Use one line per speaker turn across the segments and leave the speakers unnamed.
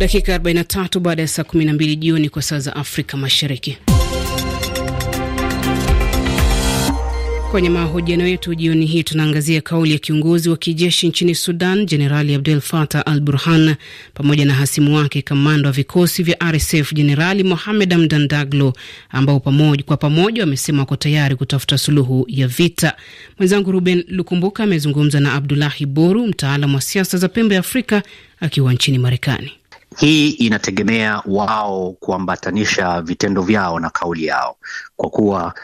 dakika 43 baada ya saa 12 jioni kwa saa za Afrika Mashariki. Kwenye mahojiano yetu jioni hii tunaangazia kauli ya kiongozi wa kijeshi nchini Sudan, Jenerali Abdel fatah al Burhan, pamoja na hasimu wake kamanda wa vikosi vya RSF Jenerali Mohamed Hamdan Daglo, ambao pamoja, kwa pamoja wamesema wako tayari kutafuta suluhu ya vita. Mwenzangu Ruben Lukumbuka amezungumza na Abdulahi Boru, mtaalam wa siasa za pembe ya Afrika akiwa nchini Marekani.
Hii inategemea wao kuambatanisha vitendo vyao na kauli yao, kwa kuwa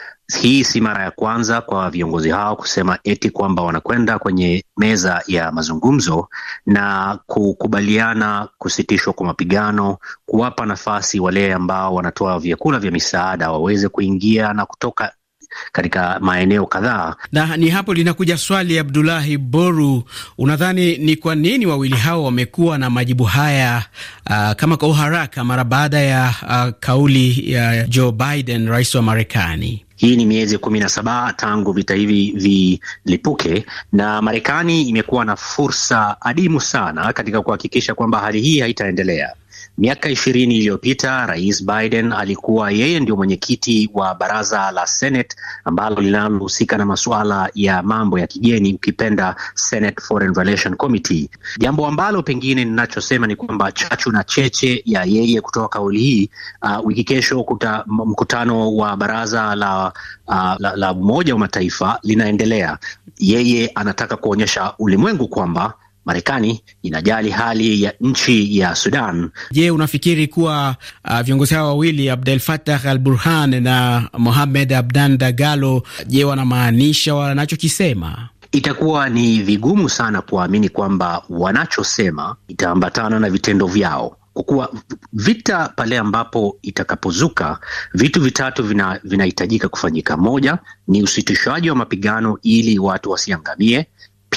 hii si mara ya kwanza kwa viongozi hao kusema eti kwamba wanakwenda kwenye meza ya mazungumzo na kukubaliana kusitishwa kwa mapigano, kuwapa nafasi wale ambao wanatoa vyakula vya misaada waweze kuingia na kutoka katika maeneo kadhaa.
Na ni hapo linakuja swali, Abdulahi Boru, unadhani ni kwa nini wawili hao wamekuwa na majibu haya uh, kama kwa uharaka mara baada ya uh, kauli ya Joe Biden, rais wa Marekani?
Hii ni miezi kumi na saba tangu vita hivi vilipuke, na Marekani imekuwa na fursa adimu sana katika kuhakikisha kwamba hali hii haitaendelea. Miaka ishirini iliyopita Rais Biden alikuwa yeye ndio mwenyekiti wa baraza la Senate ambalo linalohusika na masuala ya mambo ya kigeni, ukipenda Senate Foreign Committee. Jambo ambalo pengine ninachosema ni kwamba chachu na cheche ya yeye kutoa kauli hii, uh, wiki kesho kuta mkutano wa baraza la, uh, la, la Umoja wa Mataifa linaendelea. Yeye anataka kuonyesha ulimwengu kwamba Marekani inajali hali ya nchi ya Sudan.
Je, unafikiri kuwa uh, viongozi hao wawili Abdel Fattah al Burhan na Mohamed Abdan Dagalo, je, wanamaanisha wanachokisema?
Itakuwa ni vigumu sana kuwaamini kwamba wanachosema itaambatana na vitendo vyao kwa kuwa vita pale ambapo itakapozuka, vitu vitatu vinahitajika vina kufanyika. Moja ni usitishaji wa mapigano ili watu wasiangamie.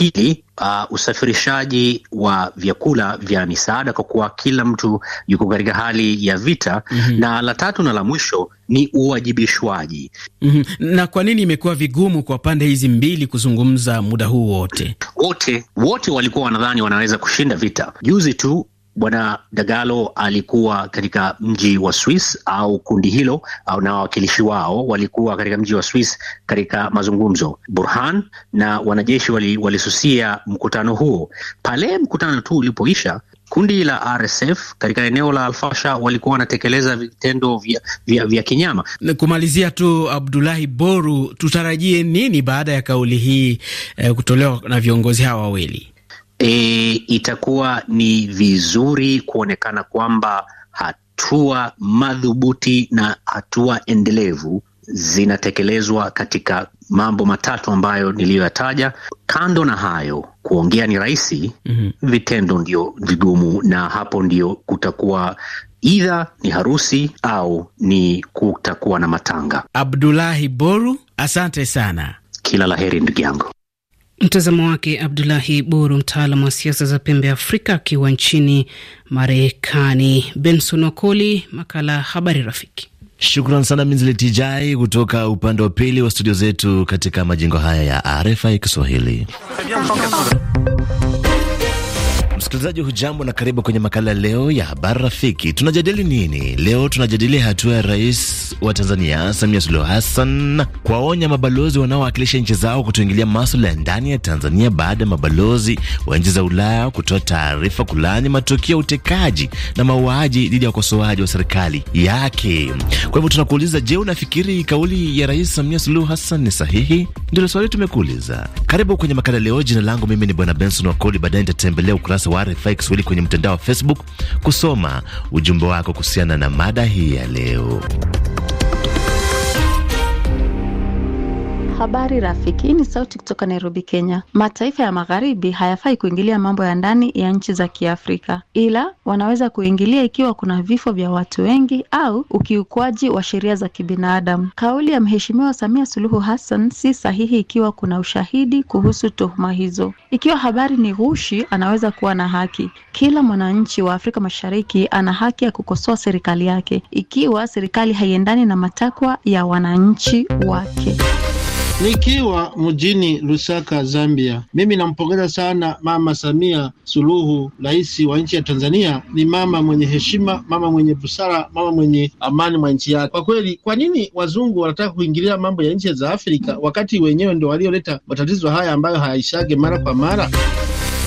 Pili, uh, usafirishaji wa vyakula vya misaada kwa kuwa kila mtu yuko katika hali ya vita mm -hmm. Na la tatu na la mwisho ni uwajibishwaji
mm -hmm. Na kwa nini imekuwa vigumu kwa pande hizi mbili kuzungumza
muda huu wote? Wote wote walikuwa wanadhani wanaweza kushinda vita. Juzi tu Bwana Dagalo alikuwa katika mji wa Swiss au kundi hilo au na wawakilishi wao walikuwa katika mji wa Swiss katika mazungumzo. Burhan na wanajeshi walisusia wali mkutano huo. Pale mkutano tu ulipoisha, kundi la RSF katika eneo la Alfasha walikuwa wanatekeleza vitendo vya, vya, vya kinyama.
Kumalizia tu, Abdulahi Boru, tutarajie nini baada ya kauli hii eh, kutolewa na viongozi hawa
wawili? e, itakuwa ni vizuri kuonekana kwamba hatua madhubuti na hatua endelevu zinatekelezwa katika mambo matatu ambayo niliyoyataja. Kando na hayo, kuongea ni rahisi mm -hmm. Vitendo ndio vigumu, na hapo ndio kutakuwa idha ni harusi au ni kutakuwa na matanga.
Abdulahi Boru, asante sana,
kila la heri ndugu yangu.
Mtazamo wake Abdulahi Boru, mtaalam wa siasa za pembe ya Afrika akiwa nchini Marekani. Benson Okoli, makala habari rafiki. Shukran sana
Minzletijai kutoka upande wa pili wa studio zetu katika majengo haya ya RFI Kiswahili. Msikilizaji hujambo na karibu kwenye makala leo ya habari rafiki. Tunajadili nini leo? Tunajadili hatua ya rais wa Tanzania Samia Suluhu Hassan kuwaonya mabalozi wanaowakilisha nchi zao kutoingilia maswala ya ndani ya Tanzania baada ya mabalozi wa nchi za Ulaya kutoa taarifa kulani matukio ya utekaji na mauaji dhidi ya wakosoaji wa serikali yake. Kwa hivyo tunakuuliza, je, unafikiri kauli ya rais Samia Suluhu Hassan ni sahihi? Ndilo swali tumekuuliza. Karibu kwenye makala leo. Jina langu mimi ni Bwana Benson Wakoli. Baadaye nitatembelea ukurasa wa RFI Kiswahili kwenye mtandao wa Facebook kusoma ujumbe wako kuhusiana na mada hii ya leo.
Habari rafiki, hii ni sauti kutoka Nairobi, Kenya. Mataifa ya magharibi hayafai kuingilia mambo ya ndani ya nchi za Kiafrika, ila wanaweza kuingilia ikiwa kuna vifo vya watu wengi au ukiukwaji wa sheria za kibinadamu. Kauli ya Mheshimiwa Samia Suluhu Hassan si sahihi ikiwa kuna ushahidi kuhusu tuhuma hizo. Ikiwa habari ni ghushi, anaweza kuwa na haki. Kila mwananchi wa Afrika Mashariki ana haki ya kukosoa serikali yake ikiwa serikali haiendani na matakwa ya wananchi wake.
Nikiwa mjini Lusaka, Zambia, mimi nampongeza sana Mama Samia Suluhu, rais wa nchi ya Tanzania. Ni mama mwenye heshima, mama mwenye busara, mama mwenye amani mwa nchi yake. Kwa kweli, kwa nini wazungu wanataka kuingilia mambo ya nchi za Afrika wakati wenyewe ndio walioleta matatizo haya ambayo hayaishage mara kwa mara?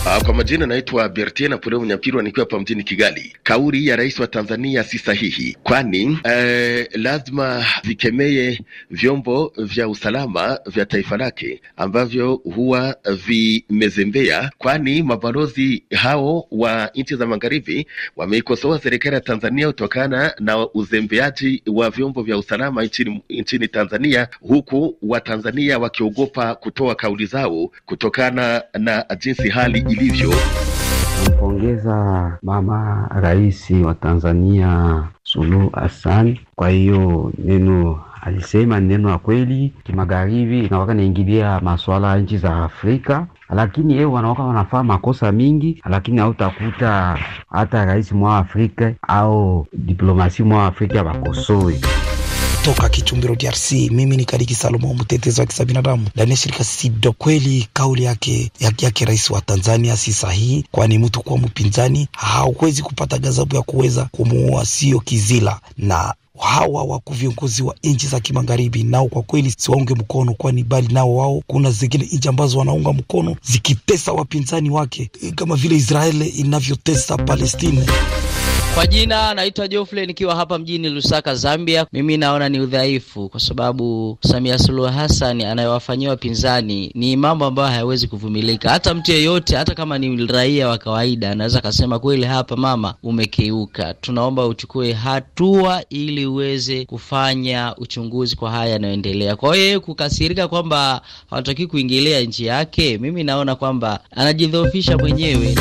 Uh, kwa majina naitwa Bertie Pole Mnyapirwa nikiwa hapa mjini Kigali. Kauli ya rais wa Tanzania si sahihi, kwani eh, lazima vikemee vyombo vya usalama vya taifa lake ambavyo huwa vimezembea, kwani mabalozi hao wa nchi za magharibi wameikosoa serikali ya Tanzania kutokana na uzembeaji wa vyombo vya usalama nchini, nchini Tanzania, huku Watanzania wakiogopa kutoa kauli zao kutokana na jinsi hali ilivyo.
Nampongeza mama rais wa Tanzania Suluhu Hassan kwa hiyo neno alisema neno ya kweli. Kimagharibi nawaka naingilia masuala ya nchi za Afrika, lakini yeye wanawaka wanafaa makosa mingi, lakini hautakuta hata rais mwa Afrika au diplomasi mwa Afrika wakosoe. Toka Kichumbiro, DRC, mimi ni Kariki Salomo, mtetezi wa haki za binadamu ndani ya shirika SIDO. Kweli kauli yake yake, yake rais wa Tanzania si sahihi, kwani mtu kuwa mpinzani hauwezi kupata gazabu ya kuweza kumuua, sio kizila na hawa wako viongozi wa nchi za kimagharibi nao kwa kweli siwaunge mkono, kwani bali nao wao, kuna zingine nchi ambazo wanaunga mkono zikitesa wapinzani wake kama vile Israeli inavyotesa Palestina. Kwa jina naitwa Geoffrey nikiwa hapa mjini Lusaka, Zambia. Mimi naona ni udhaifu, kwa sababu Samia Suluhu Hassan anayewafanyia wapinzani ni mambo ambayo hayawezi kuvumilika. Hata mtu yeyote, hata kama ni raia wa kawaida, anaweza akasema kweli, hapa mama, umekeuka, tunaomba uchukue hatua ili uweze kufanya uchunguzi kwa haya yanayoendelea. Kwa hiyo kukasirika kwamba hawatakii kuingilia nchi yake, mimi naona kwamba anajidhoofisha mwenyewe.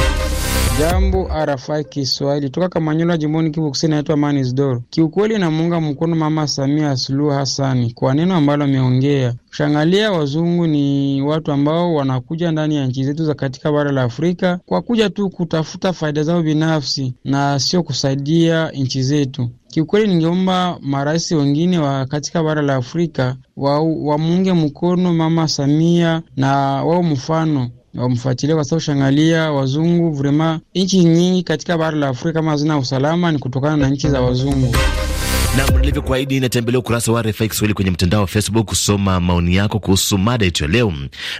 Jambo RFI Kiswahili toka Kamanyola, jimboni Kivu Kusini. Naitwa Manis Doro. Kiukweli namuunga mkono Mama Samia Suluhu Hasani kwa neno ambalo ameongea. Shangalia wazungu ni watu ambao wanakuja ndani ya nchi zetu za katika bara la Afrika kwa kuja tu kutafuta faida zao binafsi na sio kusaidia nchi zetu. Kiukweli ningeomba marais wengine wa katika bara la Afrika wamuunge wa mkono Mama Samia na wao mfano wamfuatilie kwa sababu shangalia wazungu vrema, nchi nyingi katika bara la Afrika kama hazina usalama ni kutokana na nchi za wazungu.
Na nilivyokuahidi, inatembelea ukurasa wa RFI Kiswahili kwenye mtandao wa Facebook kusoma maoni yako kuhusu mada yetu leo.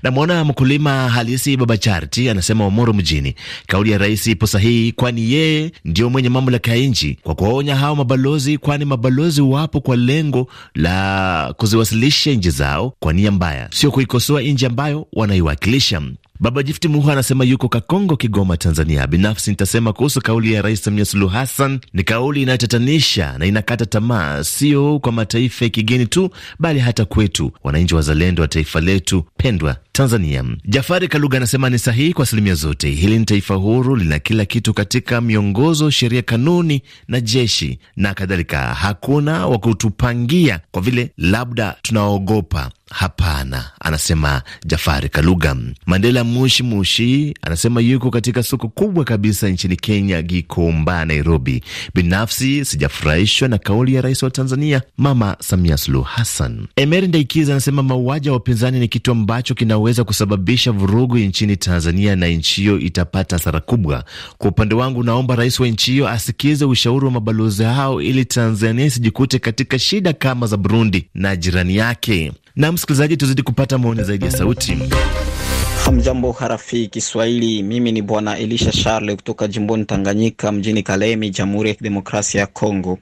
Namwona mkulima halisi Baba Charti anasema Omoro mjini, kauli ya rais ipo sahihi, kwani yeye ndio mwenye mamlaka ya nchi kwa kuwaonya hao mabalozi, kwani mabalozi wapo kwa lengo la kuziwasilisha nchi zao kwa nia mbaya, sio kuikosoa nchi ambayo wanaiwakilisha. Baba Jifti Muha anasema yuko Kakongo, Kigoma, Tanzania. Binafsi nitasema kuhusu kauli ya Rais Samia Suluhu Hassan ni kauli inayotatanisha na inakata tamaa, sio kwa mataifa ya kigeni tu, bali hata kwetu wananchi wazalendo wa taifa letu pendwa Tanzania. Jafari Kaluga anasema ni sahihi kwa asilimia zote. Hili ni taifa huru, lina kila kitu katika miongozo, sheria, kanuni na jeshi na kadhalika. Hakuna wa kutupangia kwa vile labda tunaogopa Hapana, anasema Jafari Kaluga. Mandela Mushi Mushi anasema yuko katika soko kubwa kabisa nchini Kenya, Gikomba, Nairobi. Binafsi sijafurahishwa na kauli ya rais wa Tanzania Mama Samia Suluhu Hassan. Emeri Ndaikiza anasema mauaji ya wapinzani ni kitu ambacho kinaweza kusababisha vurugu nchini Tanzania na nchi hiyo itapata hasara kubwa. Kwa upande wangu, naomba rais wa nchi hiyo asikize ushauri wa mabalozi hao ili Tanzania isijikute katika shida kama za Burundi na jirani yake. Na msikilizaji, tuzidi kupata maoni zaidi ya sauti
Hamjambo harafi Kiswahili, mimi ni bwana Elisha Charle kutoka jimboni Tanganyika, mjini Kalemi, Jamhuri ya Kidemokrasia ya Kongo.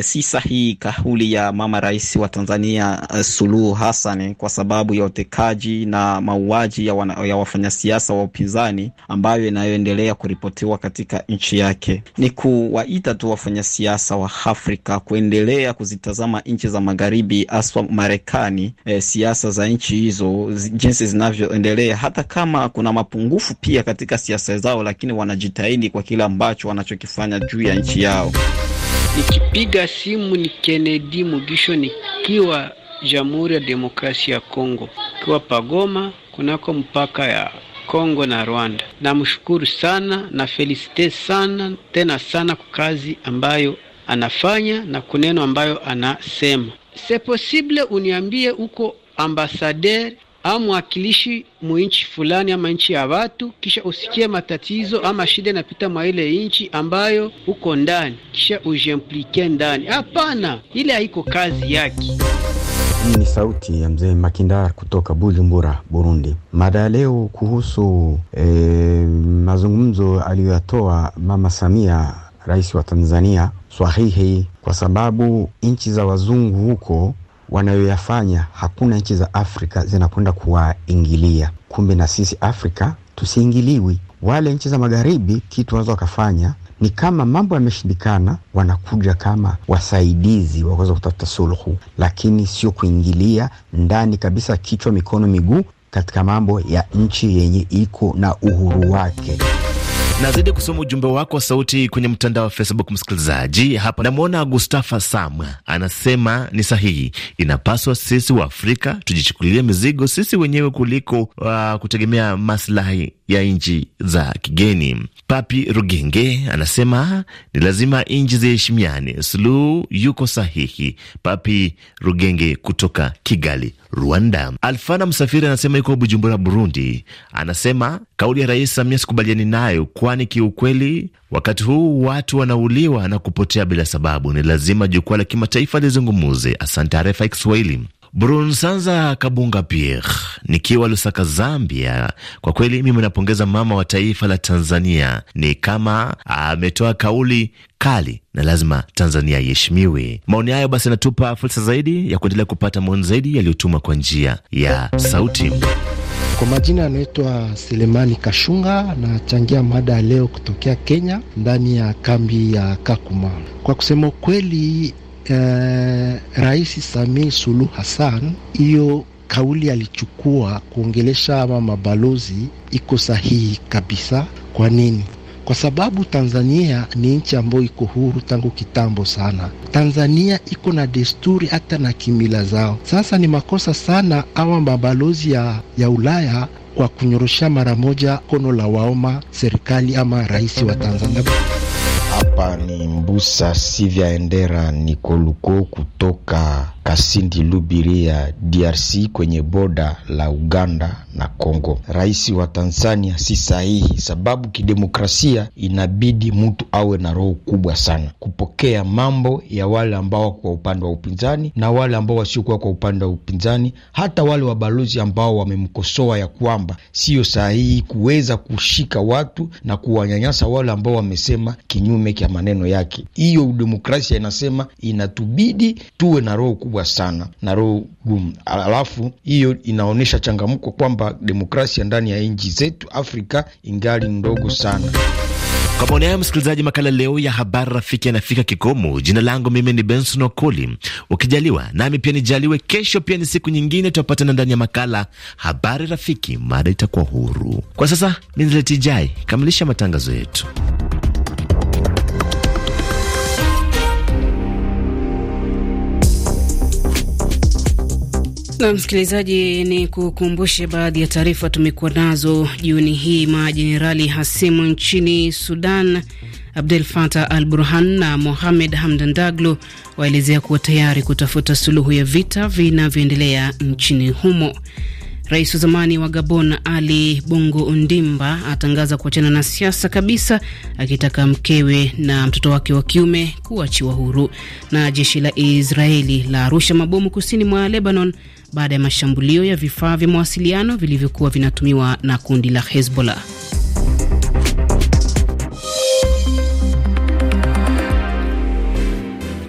Si sahihi kauli ya mama rais wa Tanzania uh, Suluhu Hassan kwa sababu ya utekaji na mauaji ya, ya wafanyasiasa wa upinzani ambayo inayoendelea kuripotiwa katika nchi yake. Ni kuwaita tu wafanyasiasa wa Afrika kuendelea kuzitazama nchi za magharibi, haswa Marekani, eh, siasa za nchi hizo jinsi zinavyoendelea hata kama kuna mapungufu pia katika siasa zao, lakini wanajitahidi kwa kile ambacho wanachokifanya juu ya nchi yao. Nikipiga simu ni Kennedy Mugisho nikiwa Jamhuri ya Demokrasia ya Kongo, ikiwa Pagoma kunako mpaka ya Kongo na Rwanda. Namshukuru sana na felisite sana tena sana kwa kazi ambayo anafanya na kuneno ambayo anasema. Se posible uniambie uko ambasader au mwakilishi muinchi fulani ama nchi ya watu, kisha usikie matatizo ama shida inapita mwa ile nchi ambayo uko ndani, kisha ujemplike ndani. Hapana, ile haiko kazi yake. Hii ni sauti ya mzee Makindar kutoka Bujumbura, Burundi. Mada ya leo kuhusu e, mazungumzo aliyoyatoa Mama Samia, rais wa Tanzania, swahihi kwa sababu nchi za wazungu huko wanayoyafanya hakuna nchi za Afrika zinakwenda kuwaingilia. Kumbe na sisi Afrika tusiingiliwi. Wale nchi za magharibi, kitu wanaweza wakafanya ni kama mambo yameshindikana, wanakuja kama wasaidizi wa kutafuta suluhu, lakini sio kuingilia ndani kabisa, kichwa, mikono, miguu katika mambo ya nchi yenye iko na uhuru wake.
Nazidi kusoma ujumbe wako wa sauti kwenye mtandao wa Facebook, msikilizaji. Hapa namwona Gustafa Samwa anasema ni sahihi, inapaswa sisi wa Afrika tujichukulie mizigo sisi wenyewe kuliko uh, kutegemea maslahi ya nchi za kigeni. Papi Rugenge anasema ni lazima nchi ziheshimiane. Suluhu yuko sahihi. Papi Rugenge kutoka Kigali, Rwanda. Alfana Msafiri anasema yuko Bujumbura, Burundi. Anasema kauli ya Rais Samia sikubaliani nayo, kwani kiukweli wakati huu watu wanauliwa na kupotea bila sababu. Ni lazima jukwaa la kimataifa lizungumuze. Asante RFI Kiswahili. Brunsanza Kabunga Pierre nikiwa Lusaka, Zambia. Kwa kweli mimi napongeza mama wa taifa la Tanzania, ni kama ametoa kauli kali na lazima Tanzania iheshimiwe. Maoni hayo basi yanatupa fursa zaidi ya kuendelea kupata maoni zaidi yaliyotumwa kwa njia ya sauti. Kwa majina anaitwa Selemani Kashunga, nachangia mada ya leo kutokea Kenya, ndani ya kambi ya Kakuma. Kwa kusema ukweli eh, Rais Samii Suluhu Hassan hiyo kauli alichukua kuongelesha ama mabalozi iko sahihi kabisa. Kwa nini? Kwa sababu Tanzania ni nchi ambayo iko huru tangu kitambo sana. Tanzania iko na desturi hata na kimila zao. Sasa ni makosa sana awa mabalozi ya, ya Ulaya kwa kunyoroshia mara moja kono la waoma serikali ama rais wa Tanzania. Hapa
ni Mbusa Sivya Endera Nikoluko kutoka Kasindi Lubiria, DRC, kwenye boda la Uganda na congo Rais wa Tanzania si sahihi, sababu kidemokrasia inabidi mtu awe na roho kubwa sana kupokea mambo ya wale ambao kwa upande wa upinzani na wale ambao wasiokuwa kwa upande wa upinzani, hata wale wabalozi ambao wamemkosoa ya kwamba siyo sahihi kuweza kushika watu na kuwanyanyasa wale ambao wamesema kinyume ya maneno yake. Hiyo demokrasia inasema inatubidi tuwe na roho kubwa sana na roho gumu, alafu hiyo inaonyesha changamko kwamba demokrasia ndani ya nchi
zetu Afrika ingali ndogo sana. Kwa maoni hayo, msikilizaji, makala leo ya habari rafiki yanafika kikomo. Jina langu mimi ni Benson Okoli, ukijaliwa nami pia nijaliwe, kesho pia ni siku nyingine, tutapatana ndani ya makala habari rafiki, mada itakuwa huru. Kwa sasa minzileti kamilisha matangazo yetu.
Na msikilizaji, ni kukumbushe baadhi ya taarifa tumekuwa nazo jioni hii. Majenerali hasimu nchini Sudan Abdel Fattah al Burhan na Mohamed Hamdan Daglo waelezea kuwa tayari kutafuta suluhu ya vita vinavyoendelea nchini humo. Rais wa zamani wa Gabon Ali Bongo Ondimba atangaza kuachana na siasa kabisa, akitaka mkewe na mtoto wake wa kiume kuachiwa huru. Na jeshi la Israeli la rusha mabomu kusini mwa Lebanon baada ya mashambulio ya vifaa vya mawasiliano vilivyokuwa vinatumiwa na kundi la Hezbollah.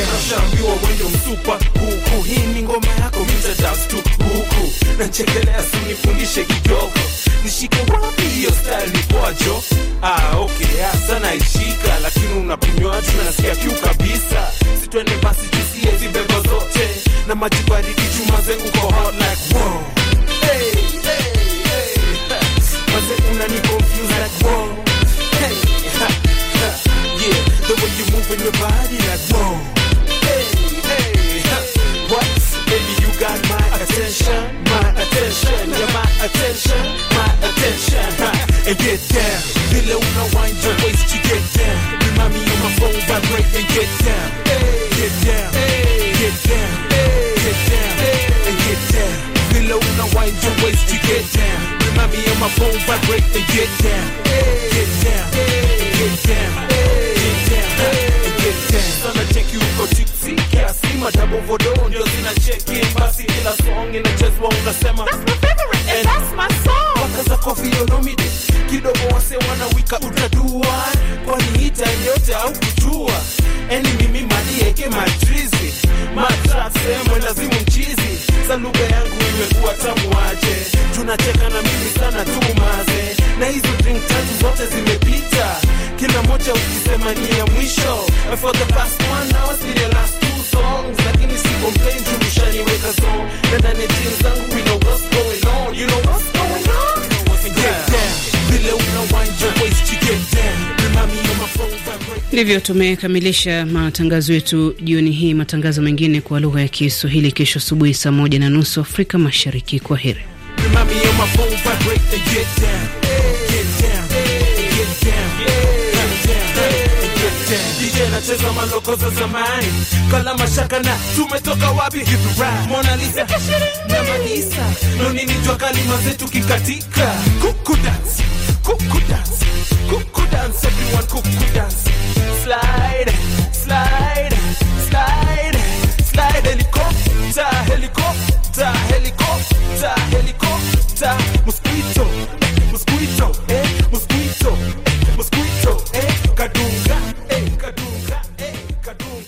Nashambiwa wendo msupa huku, hii ni ngoma yako mitadastu huku, nachekelea sunifundishe kidogo, nishike wapi hiyo style nikwajo. Ah, okay, hasa ah, naishika, lakini unapimwa tu, nasikia kiu kabisa, sitwende basi, jisiezi bebo zote na majibaridi chuma zengu kwa hot like wow Uvodo ndio zinacheki basi, kila song inachezwa unasema that's my favorite and that's my song. Paka za kofi yodomide kidogo, wase wanawika, utadua kwani hii time yote au kujua eni yaani mimi madieke matrizi matrasemo lazimu mchizi za lugha yangu imekuwa tamu aje, tunacheka na mimi sana tumaze na hizo drink tatu zote zimepita, kila moja ukisema ni ya mwisho for the past one hour, the last two songs lakini we know what's going on you know what's going on
ndivyo tumekamilisha matangazo yetu jioni hii. Matangazo mengine kwa lugha ya Kiswahili kesho asubuhi saa moja na nusu Afrika Mashariki. Kwa heri.
DJ anacheza maloko za zamani, kala mashaka na tumetoka wapi, Mona Lisa na Manisa nonini jua kali mazetu kikatika, kuku dance, kuku dance, kuku dance, everyone kuku dance, slide, slide, slide, slide, helicopter, helicopter, helicopter, helicopter